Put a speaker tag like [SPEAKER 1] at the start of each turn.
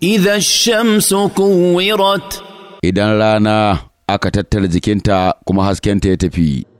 [SPEAKER 1] Iza shamsu kuwirat. Idan rana aka tattara jikinta kuma haskenta ya tafi.